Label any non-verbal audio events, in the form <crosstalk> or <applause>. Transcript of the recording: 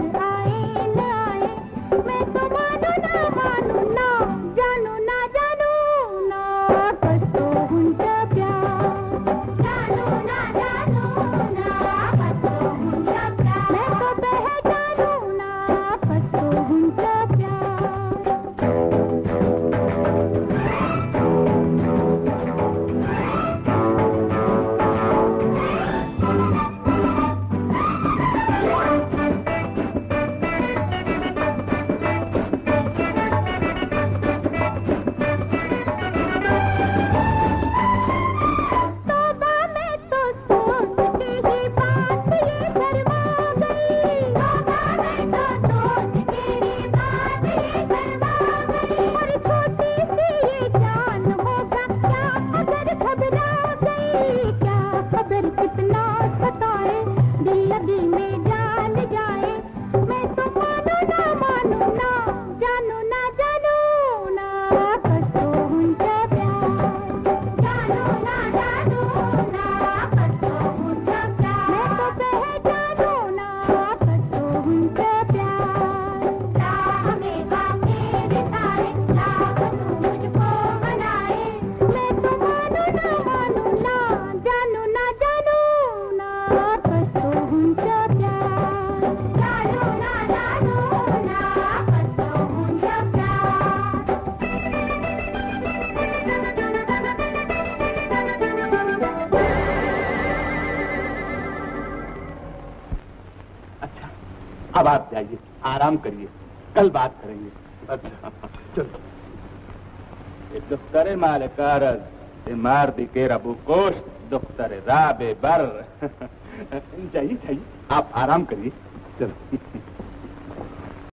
இருந்தா अब आप जाइए आराम करिए कल बात करेंगे अच्छा चलो दफ्तर माल कार मार दी के रबू कोश दफ्तर राबे बर <laughs> जाइए आप आराम करिए चलो